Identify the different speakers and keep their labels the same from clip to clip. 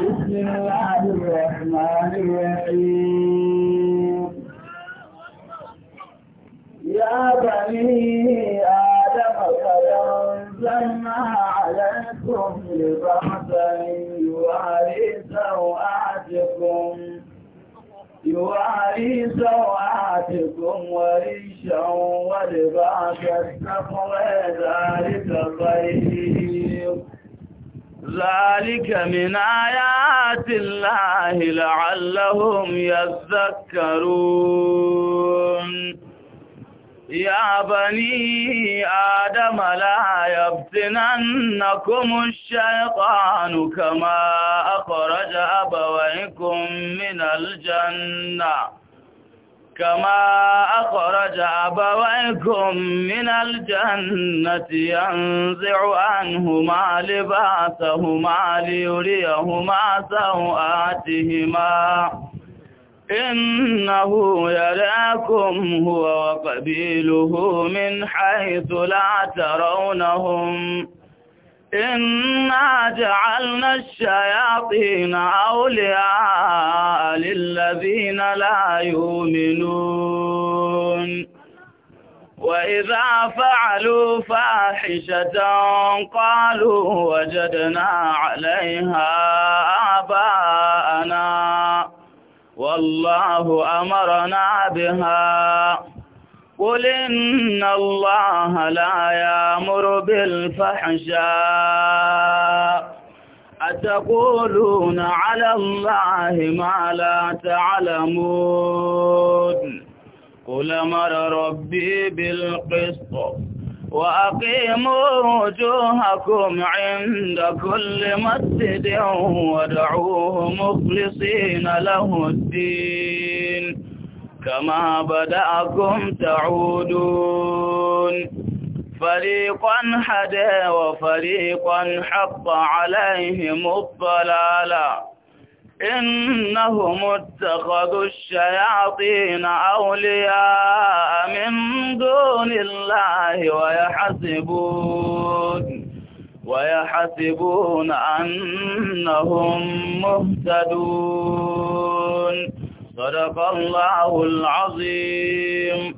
Speaker 1: بسم الله الرحمن الرحيم يا بني آدم قد أنزلنا عليكم لبعض يواري سوآتكم يواري سوآتكم وريشا ولباس التقوى ذلك خير ذلك من آيات الله لعلهم يذكرون يا بني آدم لا يفتننكم الشيطان كما أخرج أبويكم من الجنة كما أخرج أبويكم من الجنة ينزع عنهما لباسهما ليريهما سوآتهما إنه يراكم هو وقبيله من حيث لا ترونهم إنا جعلنا الشياطين أولياء للذين لا يؤمنون وإذا فعلوا فاحشة قالوا وجدنا عليها آباءنا والله أمرنا بها قل إن الله لا يأمر بالفحشاء أتقولون على الله ما لا تعلمون قل مر ربي بالقسط وأقيموا وجوهكم عند كل مسجد ودعوه مخلصين له الدين كما بدأكم تعودون فريقا هدى وفريقا حق عليهم الضلالة إنهم اتخذوا الشياطين أولياء من دون الله ويحسبون ويحسبون أنهم مهتدون صدق الله العظيم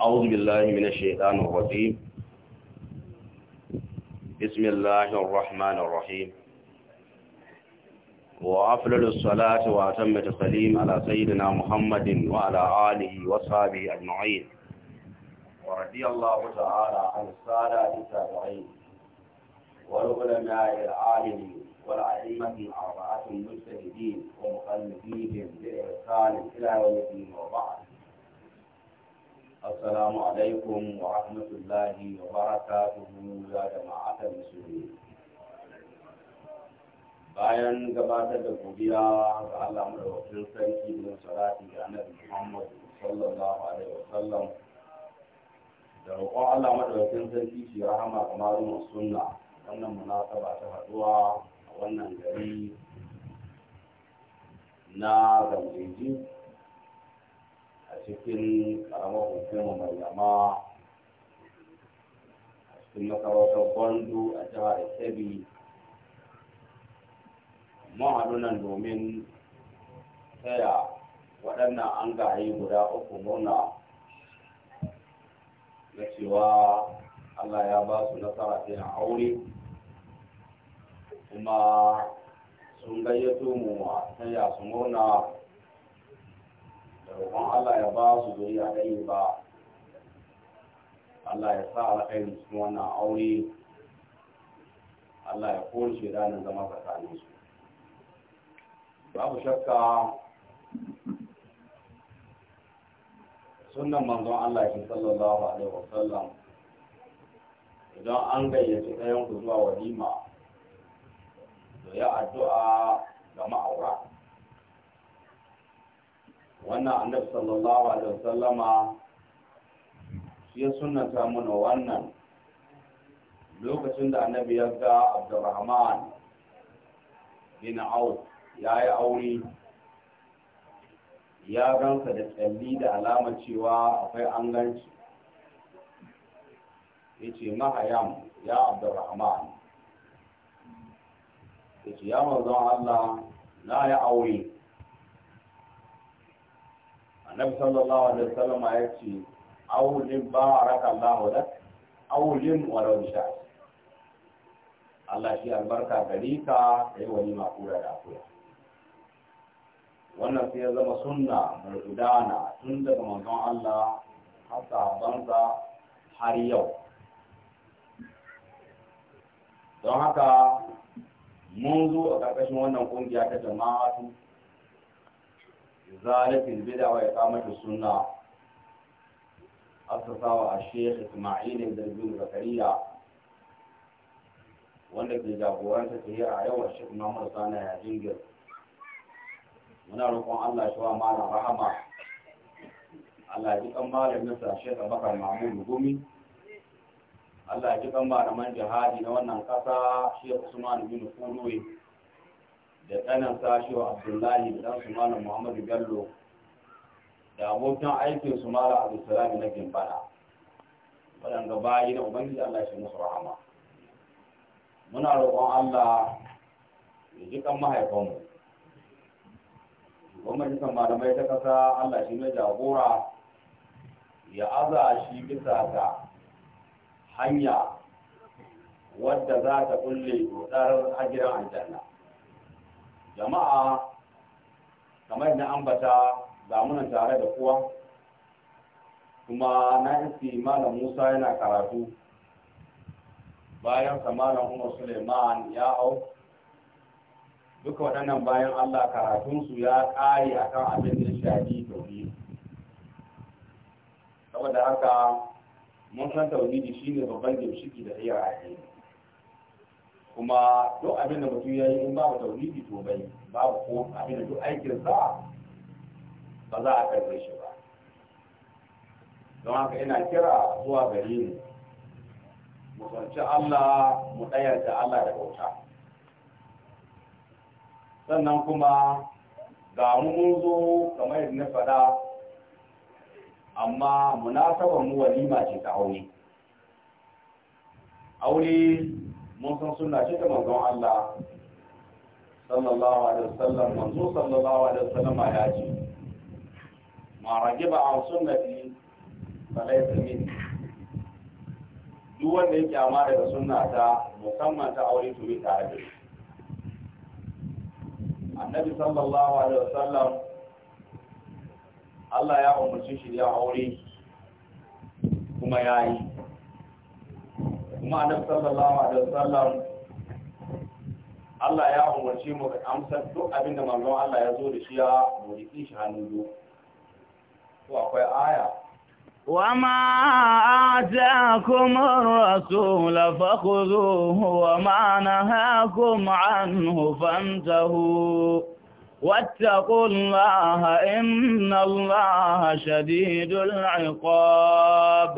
Speaker 1: أعوذ
Speaker 2: بالله من الشيطان الرجيم بسم الله الرحمن الرحيم وأفضل الصلاة وأتم التسليم على سيدنا محمد وعلى آله وصحبه أجمعين ورضي الله تعالى عن السادة التابعين والعلماء العالمين والأئمة الأربعة المجتهدين ومخلفيهم بإحسان إلى يوم الدين وبعد السلام عليكم ورحمة الله وبركاته يا جماعة المسلمين bayan gabatar da godiya ga Allah madawacin sarki da salati ga annabi Muhammad sallallahu alaihi wasallam da roƙon Allah madawacin sarki shi rahama ga malumin sunna wannan munasaba ta haduwa a wannan gari na zambeji a cikin karamar hukumar maryama a cikin masarautar gwandu a jihar kebbi mun nan domin taya waɗannan an gaye guda uku murna na cewa allah ya ba su nasara ta aure kuma sun gayyato mu a taya su murna da roƙon Allah ya ba su a ɗaya ba Allah ya sa alkhairi cikin wannan aure Allah ya kore shi ranar zama tsakanin su babu shakka sunan manzon Allah shi sallallahu alaihi wasallam idan an gayyaci ɗayan ku zuwa walima ya addu'a ga ma'aura wannan annabi sallallahu alaihi wasallama shi ya sunanta mana wannan lokacin da annabi ya ga abdurrahman bin auf ya yi aure ya ganka da tsalli da alama cewa akwai an ganci ya ce mahayam ya abdurrahman ya ce ya manzon Allah na ya aure annabi sallallahu alaihi wasallam ya ce awlin baraka Allah lak awlin walau sha Allah shi albarka gare ka kai wani makura da akuya wannan sai ya zama sunna mai gudana tun daga manzon Allah har sahabbansa har yau don haka mun zo a ƙarƙashin wannan ƙungiya ta jama'atu zalatin bid'a wa iqamatu suna. asasawa a Sheikh Isma'il Ibn Zakariya wanda ke jagoranta ta hira a yau a Sheikh ya jingir muna roƙon Allah shi wa malam rahama Allah ji kan malamin sa Sheikh Abubakar Mahmud Gumi Allah ya ji kan malaman jihadi na wannan ƙasa shi Usman bin Furuwe da ɗanansa shi wa Abdullahi da ɗansu malam Muhammadu Bello da abokan aikin su mara Abdulsalam na Gimbala. waɗanda bayi na Ubangiji Allah shi musu rahama muna roƙon Allah ya ji kan mahaifanmu gwamnatin malamai ta ƙasa Allah shi mai jagora ya aza shi bisa ga hanya wadda za ta kulle gudar hajiran aljanna jama'a kamar na ambata zamunan tare da kuwa? kuma na isi malam musa yana karatu bayan malam umar suleiman ya au. duka waɗannan bayan allah karatunsu ya ƙare akan abin da shafi tauri saboda haka mun san tauhidi shine babban gimshiki da iya rayuwa kuma duk abin da mutum ya yi in babu tauhidi to bai babu ko abin da duk aikin sa ba za a karbe shi ba don haka ina kira zuwa gare ni mu sanci Allah mu tsayar da Allah da bauta sannan kuma ga mu mun zo kamar yadda na faɗa amma munasabar mu walima ce ta aure aure mun san suna ce ta manzon Allah sallallahu alaihi wasallam manzo sallallahu alaihi wasallam ya ce ma rajiba an sunnati falaysa min duk wanda ya kyama daga sunna ta musamman ta aure to bi tare da annabi sallallahu alaihi wasallam Allah ya umarci shi ya aure kuma ya yi kuma da sallallahu da wasallam Allah ya umarci mu ka amsar duk abinda manzon Allah ya zo da shi ya muriƙi shi hannu zo to akwai aya
Speaker 1: وما آتاكم الرسول فخذوه وما نهاكم عنه فانتهوا واتقوا الله إن الله شديد العقاب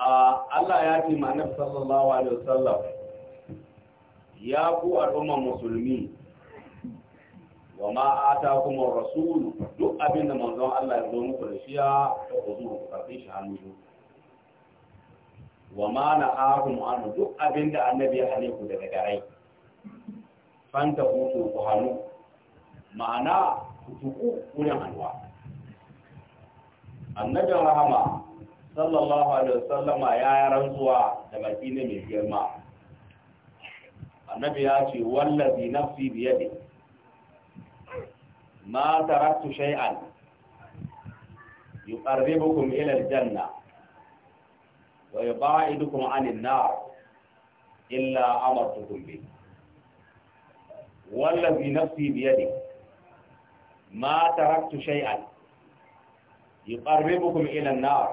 Speaker 1: Allah ya ce ma'anar sallallahu alaihi
Speaker 2: wasallam ya ku al'umma musulmi wa ma atakum ar-rasul duk abinda da manzon Allah ya zo muku da shi ya ku karbi shi hannu wa ma na'akum an duk abin annabi ya hane ku daga garai fanta hutu kuhanu ma'ana kutuku wurin hanwa annabin rahama sallallahu alaihi wasallama ya yi rantsuwa da makine ne mai girma annabi ya ce wallazi nafsi biyadi ma taraktu shay'an yuqarribukum ila aljanna wa yub'idukum 'anil nar illa amartukum bihi wallazi nafsi biyadi ma taraktu shay'an yuqarribukum ila an-nar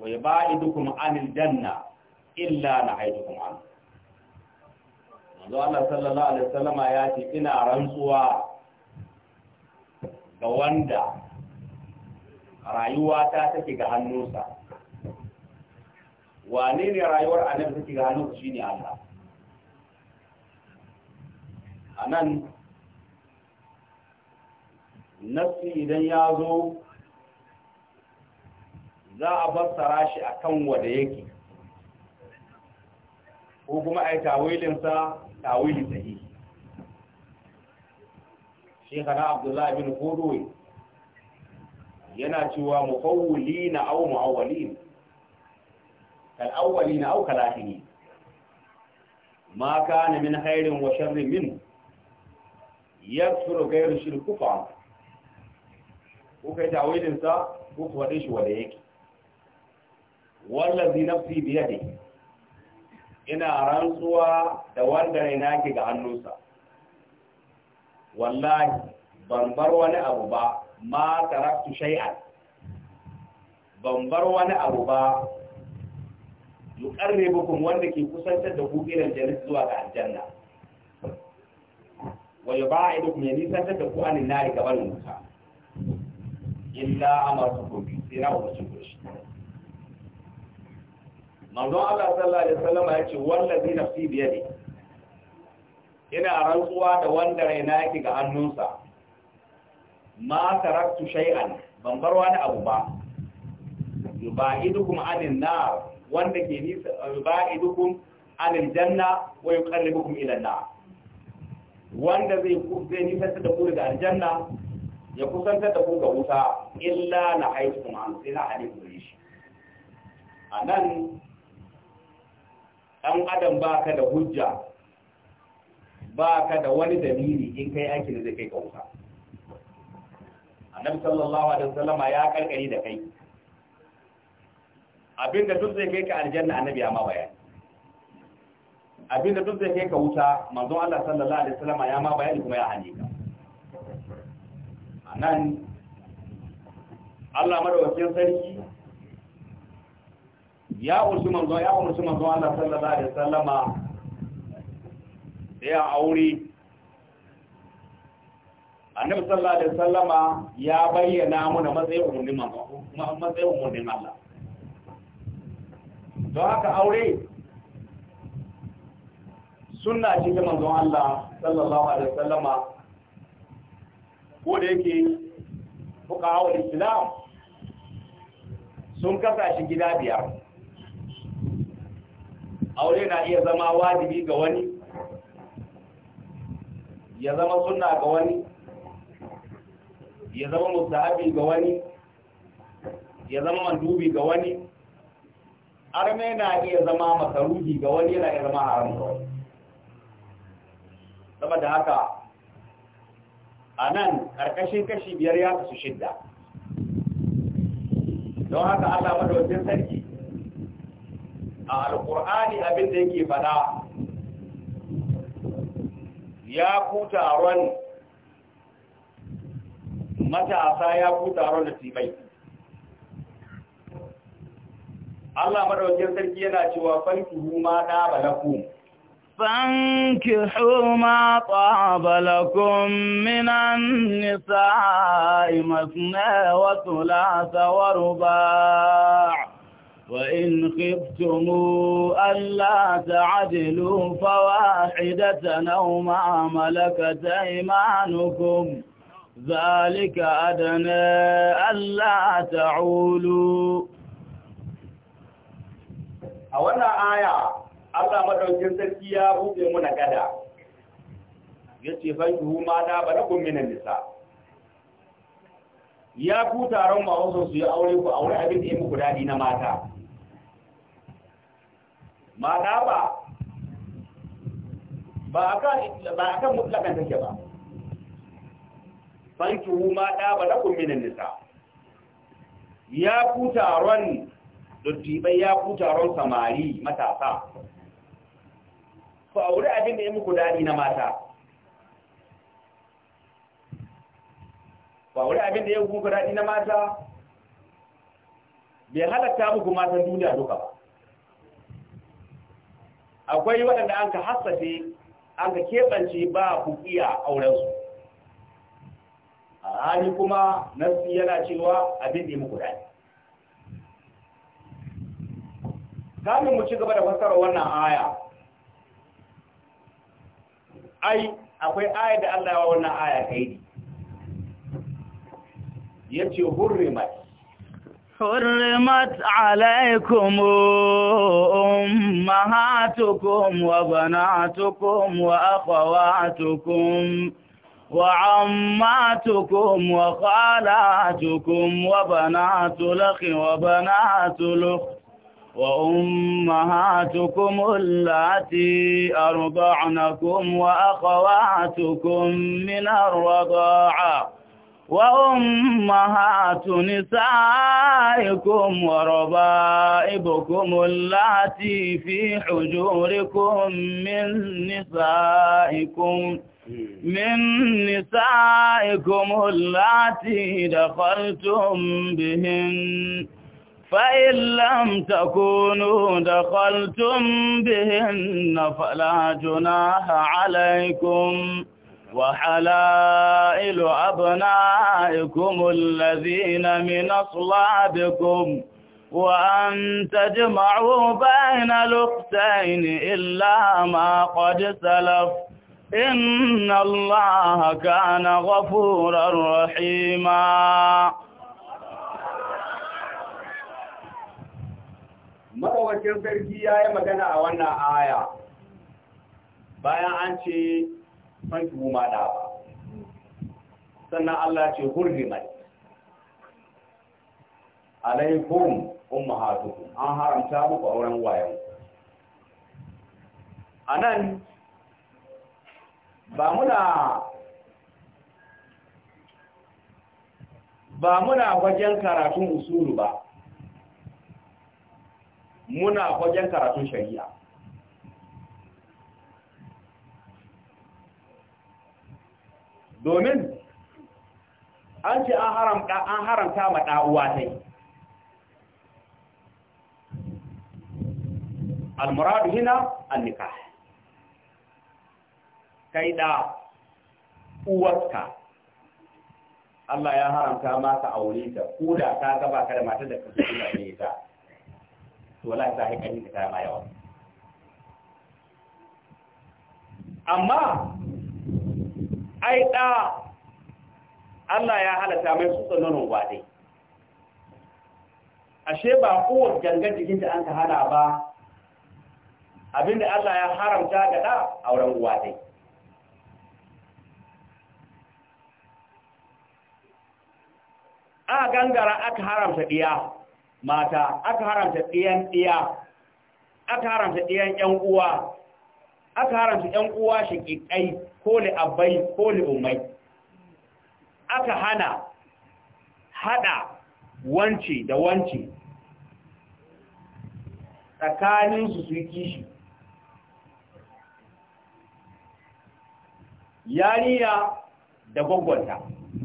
Speaker 2: wa yubaidukum 'anil janna illa nahaytukum 'an manzo Allah sallallahu alaihi wasallama ya ce ina rantsuwa ga wanda rayuwa ta take ga hannunsa wane ne rayuwar annabi take ga hannunsa shine Allah a nan nassi idan ya zo za a fassara shi a kan wada yake ko kuma a yi tawilinsa tawili sahihi shekara abdullahi bin kodowai yana cewa mufawuli na au mu'awwalin kal'awwali na au kalahini ma kana min hairin wa sharrin minhu yaksuru gairu shirku fa ko kai tawilin sa ko kuwa dai shi wanda yake wallazi nafsi bi yadihi ina rantsuwa da wanda ne naki ga hannunsa wallahi ban bar wani abu ba ma taraktu shay'an ban bar wani abu ba yuqarribukum wanda ke kusantar da ku ila aljanna zuwa ga aljanna wa yubaidukum ya nisantar da ku anin nari ga gaban wuta illa amartukum bi sira wa shi. manzon Allah sallallahu alaihi wasallam ya ce wallazi nafsi bi yadi ina rantsuwa da wanda raina yake ga hannunsa ma taraktu shay'an ban bar wani abu ba yubaidukum anin nar wanda ke nisa yubaidukum anil janna wa yuqarribukum ila an-nar wanda zai zai nisantar da ku daga aljanna ya kusanta da ku ga wuta illa na haifu ma sai na hali gure shi a nan ɗan adam ba ka da hujja ba ka da wani dalili in kai aiki da zai kai ga wuta nan sallallahu alaihi wasallama ya karkari da kai abinda duk zai kai ka aljanna annabi ya ma bayani abin da duk zai kai ka wuta manzon Allah sallallahu alaihi wasallam ya ma bayani kuma ya halika. anan Allah madawacin sarki ya usu manzo ya usu manzo Allah sallallahu alaihi wasallam ya aure annabi sallallahu alaihi wasallam ya bayyana mana matsayin umurnin manzo kuma matsayin ne Allah don haka aure sunna ce ta manzon Allah sallallahu alaihi wasallama ko da yake fuqaha islam sun kasa shi gida biyar aure na iya zama wajibi ga wani ya zama sunna ga wani ya zama mustahabi ga wani ya zama mandubi ga wani arme na iya zama makaruhi ga wani yana iya zama haramun wani saboda haka a nan ƙarƙashin kashi biyar ya kasu shidda don haka allah madawacin sarki a alƙur'ani abinda yake fada ya ku taron matasa ya ku taron da tibai allah madawacin sarki yana cewa fanki huma na
Speaker 1: balakum فانكحوا ما طاب لكم من النساء مثنى وثلاث ورباع وإن خفتم ألا تعدلوا فواحدة أو ما ملكت أيمانكم ذلك أدنى ألا تعولوا أولا آية
Speaker 2: Allah madaukin sarki ya buɗe muna gada ya ce huma mata ba na kumminan nisa ya ku taron mawasan su yi aure ku aure abin da ya muku daɗi na mata mata ba ba a kan mutlakan take ba huma mata ba na kumminan nisa ya ku taron bai ya ku taron samari matasa ku aure abin da ya muku daɗi na mata ko aure abin da ya muku daɗi na mata bai halatta muku matan duniya duka ba akwai waɗanda an ka hassace an ka keɓance ba ku iya aurensu a hali kuma nasi yana cewa abin da ya muku daɗi kamin mu ci gaba da fassara wannan aya ai akwai aya da Allah ya wannan aya kai ne yace hurrimat
Speaker 1: hurrimat alaikum ummahatukum wa banatukum wa akhawatukum وعماتكم وخالاتكم وبنات الأخ وأمهاتكم اللاتي أرضعنكم وأخواتكم من الرضاعة وأمهات نسائكم وربائبكم اللاتي في حجوركم من نسائكم من نسائكم اللاتي دخلتم بهن فإن لم تكونوا دخلتم بهن فلا جناح عليكم وحلائل أبنائكم الذين من أصلابكم وأن تجمعوا بين الأختين إلا ما قد سلف إن الله كان غفورا رحيما
Speaker 2: madawacin sarki ya yi magana a wannan aya bayan an ce fanki ma da ba sannan Allah ce hurrimat alaikum ummahatukum an haramta muku wurin wayan nan ba muna ba muna wajen karatun usulu ba muna wajen karatun shari'a domin an ce an haramta ma ɗa'uwa ta yi almuradu hina annika kai da uwarka Allah ya haramta maka aure ta ko da ta gaba ka da matar da kasu suna ne ta. to za kani ka tara ma yawa amma ai da Allah ya halatta mai su nonon dai ashe ba kowace gangan jikin da an ka hada ba abinda Allah ya haramta ga da auren dai a gangara aka haramta diya mata aka haramta ɗiyan ɗiya aka haramta ɗiyan ƴan uwa aka haramta ƴan uwa shi ƙiƙai ko abai ko umai aka hana haɗa wance da wance tsakaninsu su yi kishi yariya da gwagwanta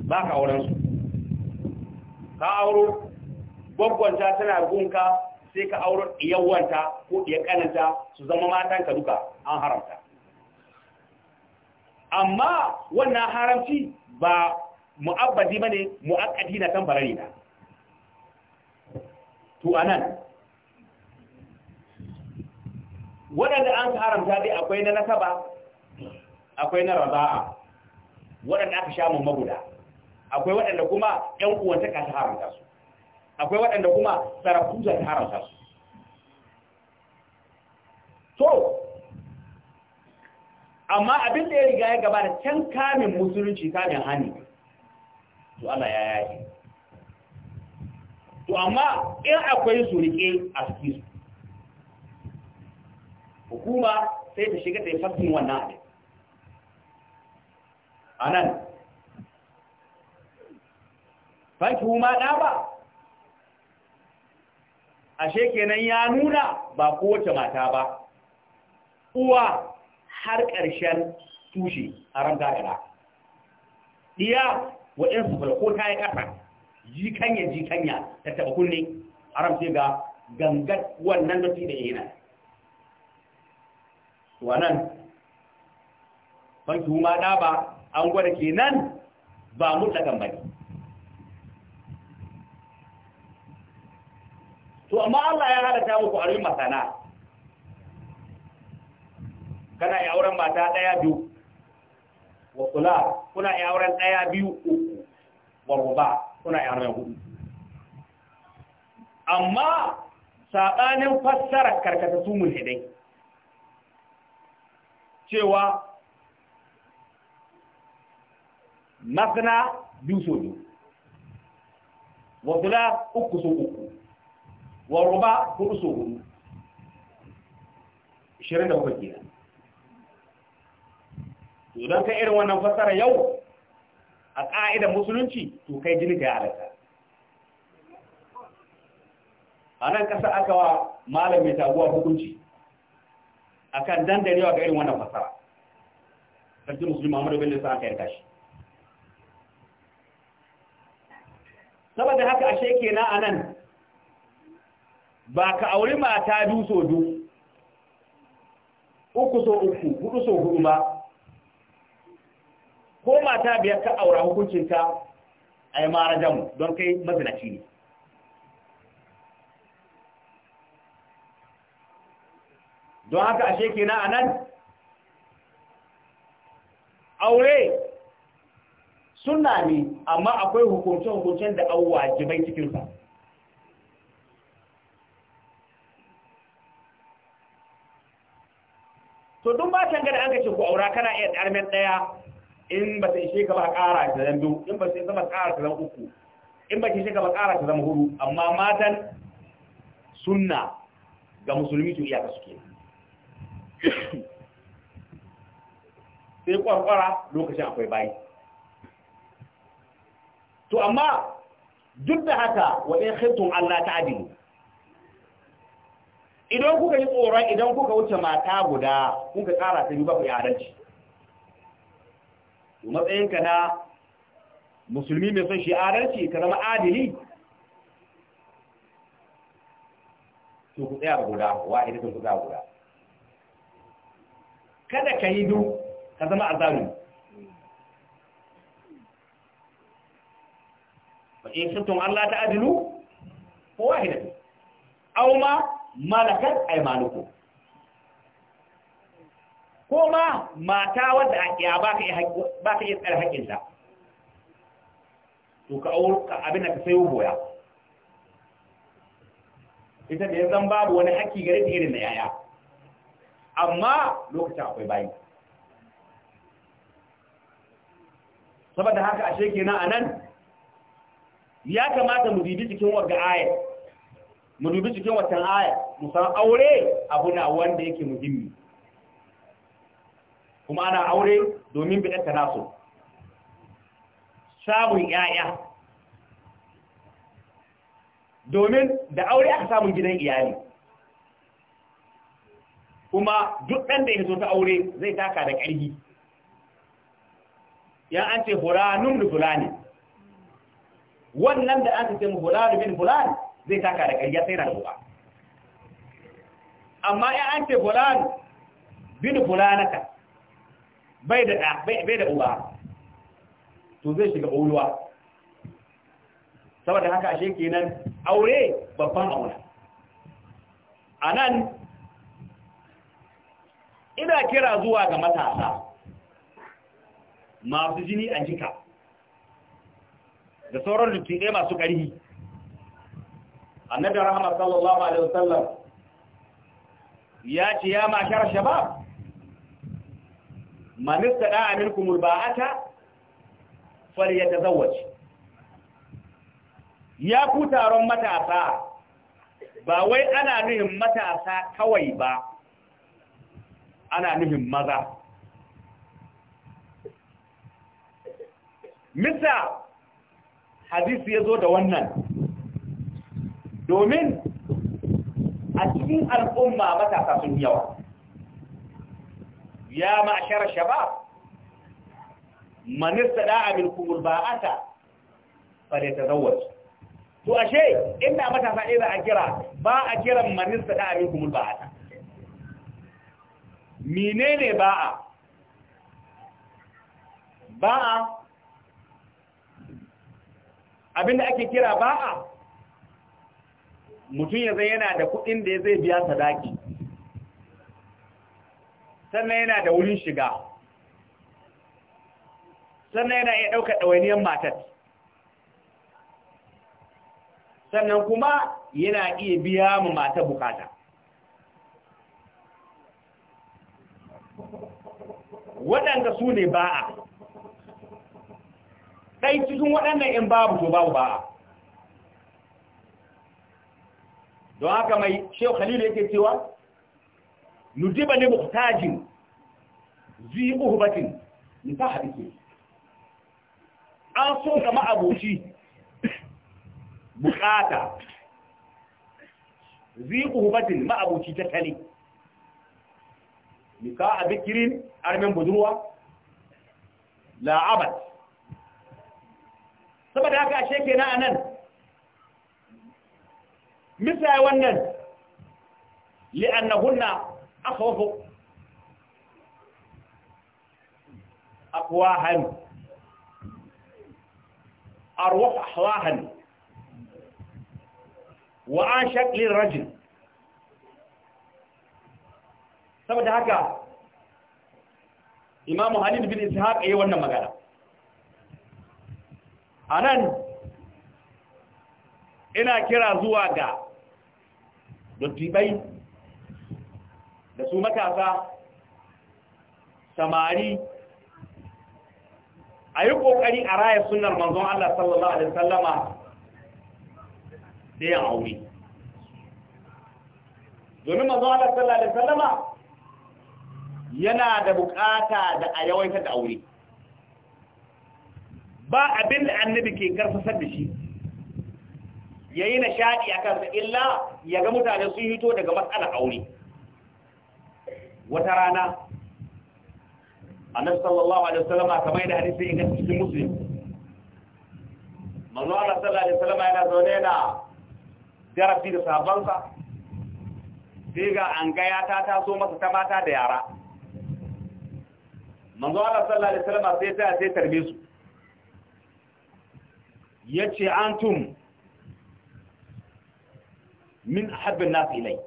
Speaker 2: ba ka aurensu ka auro gwaggwanta tana gunka sai ka auro yawanta ko ya kananta su zama matanka duka an haramta amma wannan haramci ba mu'abbadi bane mu'akkadi na kan na to anan waɗanda an haramta dai akwai na nasaba akwai na raba'a waɗanda aka sha mun maguda akwai waɗanda kuma ƴan uwanta ka haramta su akwai waɗanda kuma sarakuta ta haramta su to amma abin da ya riga ya da can kamin musulunci kamin hannu to Allah ya yaki to amma in akwai su a suke su hukuma sai ta shiga ta yi fasin wannan abin a nan fanki huma ɗa ba ashe kenan ya nuna ba kowace mata ba uwa har ƙarshen tushe a ranga ɗaya ɗiya waɗansu falko ta yi ƙasa jikanya jikanya ta taɓa kunne a ramce ga gangar wannan da da yana wannan banki ma ɗa ba an gwada kenan ba mutlakan bai. to amma Allah ya halatta muku aure masana kana ya auren mata daya biyu wa kula kuna ya auren daya biyu uku wa ruba kuna ya auren hudu amma sabanin fassara karkata su mulhidai cewa masana biyu so biyu wa kula uku so uku wa ruba hudu so hudu shirin da bakwai kenan to don kai irin wannan fasara yau a ƙa'idar musulunci to kai jini ga yarata a nan ƙasa aka wa malamin taguwa hukunci akan dandarewa ga irin wannan fasara sarki musulmi muhammadu bello sa aka yarka shi saboda haka ashe kenan anan ba ka auri mata biyu so du, uku so uku hudu so hudu ba ko mata biyar ka aura hukuncinka a yi mara jamu don kai mazinaci ne don haka ashe kenan na anan aure suna ne amma akwai hukuncen hukuncen da auwa jibai cikinsa to duk can gada an ga ce ku aura kana iya ƙarmen ɗaya in ba ta ishe ka ba ƙara ta zan biyu in ba ta zama ƙara ta zan uku in ba ta ishe ka ba ƙara ta zama huru. amma matan sunna ga musulmi to iyaka suke sai kwarkwara lokacin akwai bayi to amma duk da haka wa in khiftum Allah ta'dilu idan kuka yi tsoron idan kuka wuce mata guda kuka kara ta biyu ba ku yi adalci matsayinka na musulmi mai son shi adalci ka zama adili to ku tsaya guda wa idan ku tsaya guda kada ka yi du ka zama azalumi ba in kuntum Allah adilu ko wahidatan aw ma malakat maluku ko ma mata wadda a kiya ba ka iya tsara haƙinta to ka auka abin da ka sayo goya ita da ya zan babu wani haƙi gare ta irin da yaya amma lokacin akwai bayi saboda haka ashe kenan anan ya kamata mu dubi cikin wata ayat mu dubi cikin wata ayat musan aure abu na wanda yake muhimmi kuma ana aure domin ta naso samun yaya domin da aure aka samun gidan iyali kuma duk ɗan da ya zo ta aure zai taka da ƙarfi yan an ce huranun da fulani wannan da an ce huranun bin fulani zai taka da ƙarfi ya sai na ruwa amma ya an ce fulan bin fulanaka bai da bai da uba to zai shiga uluwa saboda haka ashe kenan aure babban aure anan ina kira zuwa ga matasa masu jini a jika da sauran lutsi masu ƙarfi annabi rahama sallallahu alaihi wasallam ya ce ya mashar shabab manista da fari yadda zawace ya ku taron matasa ba wai ana nuhin matasa kawai ba ana nuhin maza misa hadisi ya zo da wannan domin a cikin al'umma matasa sun yawa ya ma'ashar shabab manista da'a min kumul ba'ata fare ta zawar to ashe inda matasa ɗaya za a kira ba a kiran manista da'a min kumul ba'ata menene ba'a ba'a abinda ake kira ba'a mutum ya zai yana da kuɗin da zai biya sadaki sannan yana da wurin shiga sannan yana iya ɗauka ɗawainiyar matar sannan kuma yana iya biya ma mata bukata waɗanda su ne ba'a ɗai cikin waɗannan in babu to babu ba'a don haka mai shehu khalil yake cewa nujiba ne muhtajin zi uhbatin nisa hadisi an so ga ma'abuci bukata zi uhbatin ma'abuci tattali nika a bikirin armin budurwa la'abat saboda haka ashe kenan anan مثل وانن لأنهن أخوف أقواها أروح أحواها وأنشك للرجل سبت هكا إمام هاليد بن إسحاق أي وانا مقالا أنا إنا كرا زواقا dottibai da su matasa samari a yi ƙoƙari a raya sunar manzon Allah sallallahu Alaihi sallama da yin aure domin manzon Allah sallallahu Alaihi sallama yana da bukata da a yawaitar da aure ba abin da annabi ke karfasar da shi ya yi nishaɗi a kansa illa ya ga mutane sun hito daga matsalar aure wata rana annabi sallallahu alaihi wasallam kamar yadda hadisi in gaske cikin muslim manzo Allah sallallahu alaihi wasallam yana zaune yana jarabi da sahabbansa sai ga an ya ta taso masa ta mata da yara manzo Allah sallallahu alaihi wasallam sai ta sai tarbe su yace antum min habbin na filai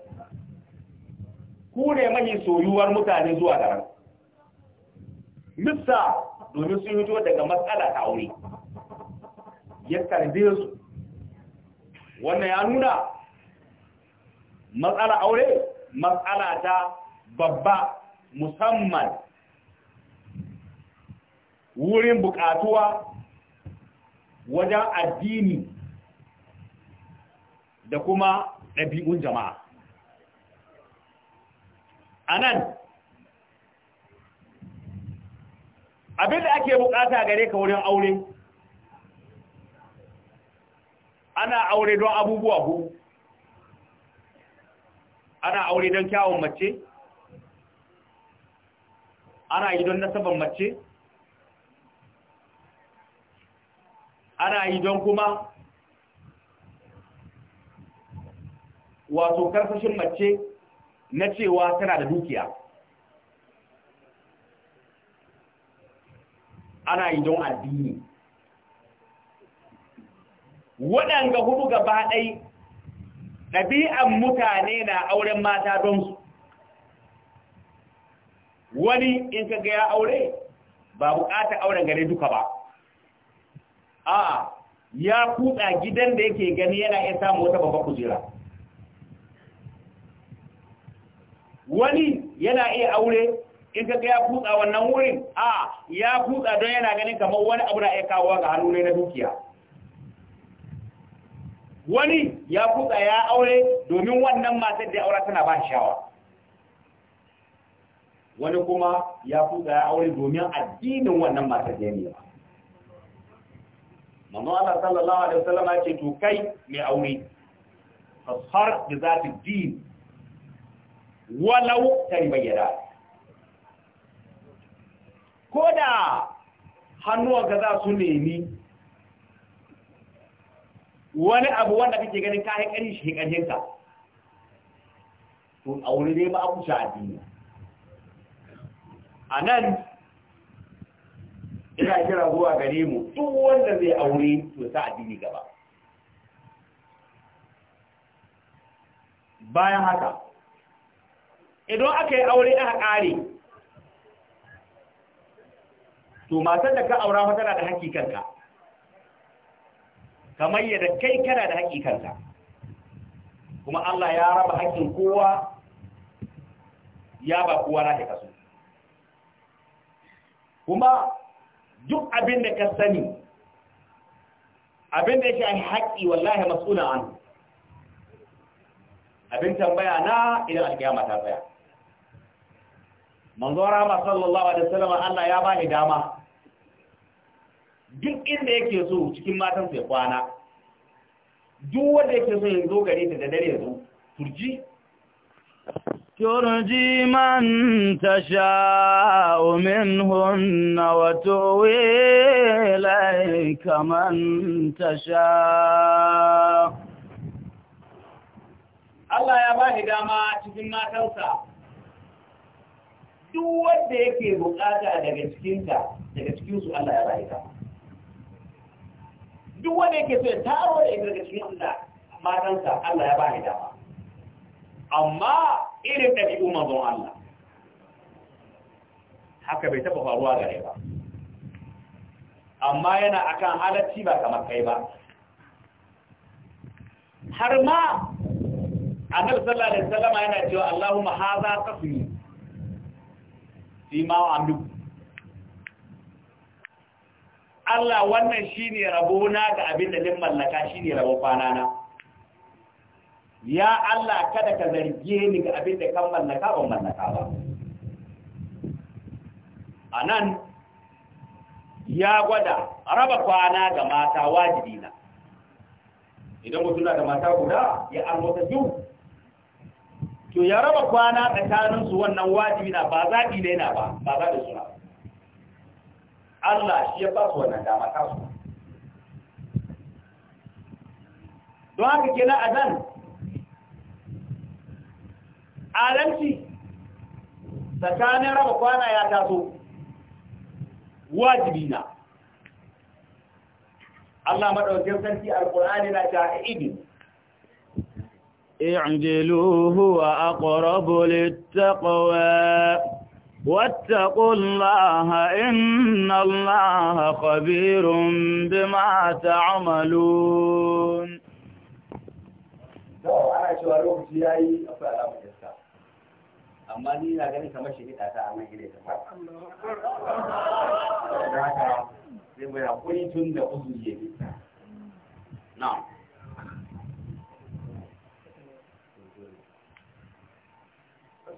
Speaker 2: ku ne mahi soyuwar mutane zuwa garan missa domin sun hito daga matsala ta aure ya karbe su wannan ya nuna matsala aure matsala ta babba musamman wurin bukatuwa wajen addini da kuma ɗabi'un jama'a a nan abin da ake bukata gare ka wurin aure ana aure don abubuwa hudu ana aure don kyawun mace ana yi don nasabar mace ana yi don kuma wato karfashin mace na cewa tana da dukiya ana yi don addini waɗanda hudu gaba ɗai ɗabi'an mutane na auren mata don su wani in ka gaya aure ba buƙatar auren gare duka ba a ya kuɗa gidan da yake gani yana iya samu wata babba kujera wani yana iya aure in ka ga ya kutsa wannan wurin a ya kutsa don yana ganin kamar wani abu na iya kawo ga hannu ne na dukiya wani ya kutsa ya aure domin wannan matar da aura tana ba shawa wani kuma ya kutsa ya aure domin addinin wannan matar da ya Mamman ala sallallahu Alaihi wasallama ce to kai mai aure, fashar da za ta din walau bayyana ko da hannuwanka za su nemi wani abu wanda kake ganin ka haƙari shi haƙarinka to a wuri ne ma addini a nan ina kira zuwa gare mu duk wanda zai aure to sa addini gaba bayan haka idan aka yi aure aka ƙare to matar da ka aura fa tana da haƙƙi Ka kamar yadda kai kana da haƙƙi kuma Allah ya raba haƙƙin kowa ya ba kowa na kaso kuma duk abin da ka sani abin da yake haƙƙi wallahi mas'ulan an abin tambaya na idan alƙiyama ta tsaya manzon rama sallallahu alaihi wasallam Allah ya ba ni dama duk inda yake so cikin matan sai kwana duk wanda yake so yanzu gare ta da dare yanzu
Speaker 1: turji man tasha minhun wa tuwi laika man tasha.
Speaker 2: Allah ya ba ni dama cikin matansa duk wanda yake bukata daga cikinta daga cikinsu Allah ya bayi ta duk wanda yake so ya taro da ita daga cikin Allah matansa Allah ya bayi dama amma irin ɗabi'u manzon Allah haka bai taɓa faruwa gare ba amma yana akan halacci ba kamar kai ba har ma annabi sallallahu alaihi wasallam yana cewa Allahumma hadha qasmi fi ma Allah wannan shine na ga abin da mallaka shine rabon kwana na ya Allah kada ka zarge ni ga abin da kan mallaka ban mallaka ba anan ya gwada raba kwana ga mata wajibi na idan mutum na da mata guda ya an wata biyu to ya raba kwana tsakanin su wannan wajibi na ba zaɓi ne na ba ba za da suna Allah shi ya ba su wannan dama ta su don haka ke na nan adalci tsakanin raba kwana ya taso wajibi na Allah maɗaukin sarki alƙur'ani na ta idin
Speaker 1: اعدلوه وأقرب للتقوى واتقوا الله إن الله خبير بما تعملون
Speaker 2: أما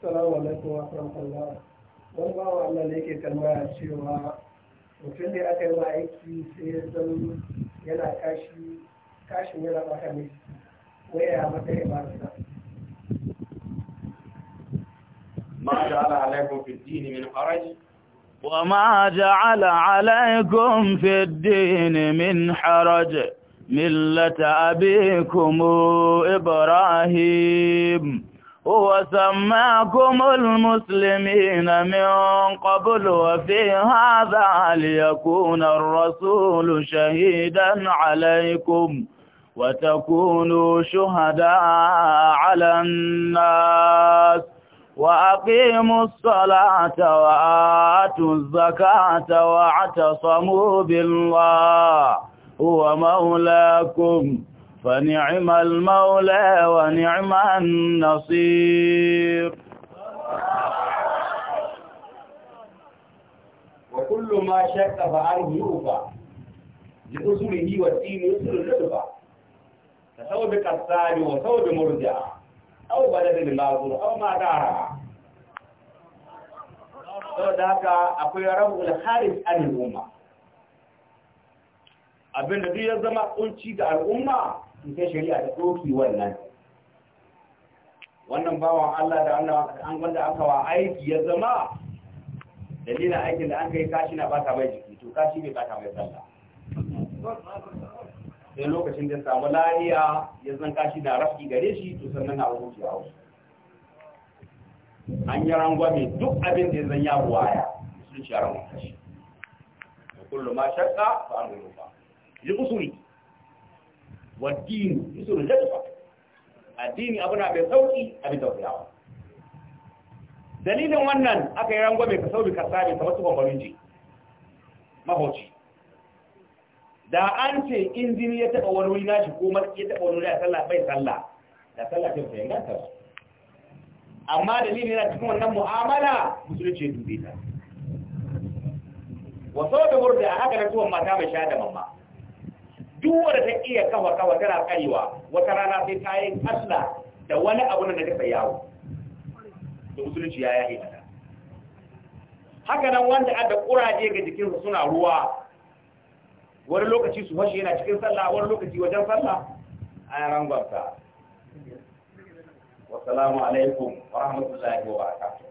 Speaker 2: السلام عليكم ورحمة الله والله باو على ليك كلمة شيوا وفين دي أكل وعيك في يلا كاشي كاشي يلا بحمي ويا ما تري بارسا ما جعل عليكم في الدين من حرج
Speaker 1: وما جعل عليكم في الدين من حرج مله ابيكم ابراهيم هو سماكم المسلمين من قبل وفي هذا ليكون الرسول شهيدا عليكم وتكونوا شهداء على الناس وأقيموا الصلاة وآتوا الزكاة واعتصموا بالله هو مولاكم فنعم المولى ونعم النصير
Speaker 2: وكل ما شك فعنه يوفى لأصله والدين يسر الرلفة فسوى بكسال وسوى بمرجع أو بلد الماضر أو ما دارها saboda أقول akwai rabu kharij an al'umma abinda duk ya zama kunci ga al'umma ita shari'a ta ɗauki wannan wannan bawan Allah da an wanda aka wa aiki ya zama dalilin aikin da an kai kashi na bata mai jiki to kashi bai bata mai sallah sai lokacin da samu lahiya ya zan kashi na rafi gare shi to sannan na hukunci a wasu an yi rangwame duk abin da ya zan ya buwaya musulunci a rangon kashi kullum ma shakka ba an rufa yi kusuri والدين يسر جدفة addini abu na mai sauki a bisa tausayawa dalilin wannan aka yi rangwame ka sauki ka sami ta wasu kwamfarin ji da an ce injini ya taɓa wani nashi ko matsi ya taɓa wani a sallah bai sallah da sallah ta sayan ganta amma dalilin yana cikin wannan mu'amala musulunci ya dube ta wasu da a haka na tuwon mata mai sha da mamma duwar ta iya kawakawa kawa tana karewa wata rana sai ta yi da wani abu na daga yawo da musulunci ya yaye mata haka nan wanda adda kuraje ga jikinsa suna ruwa wani lokaci su fashe yana cikin sallah wani lokaci wajen sallah a gwamta wasalamu alaikum wa rahmatullahi wa barakatuh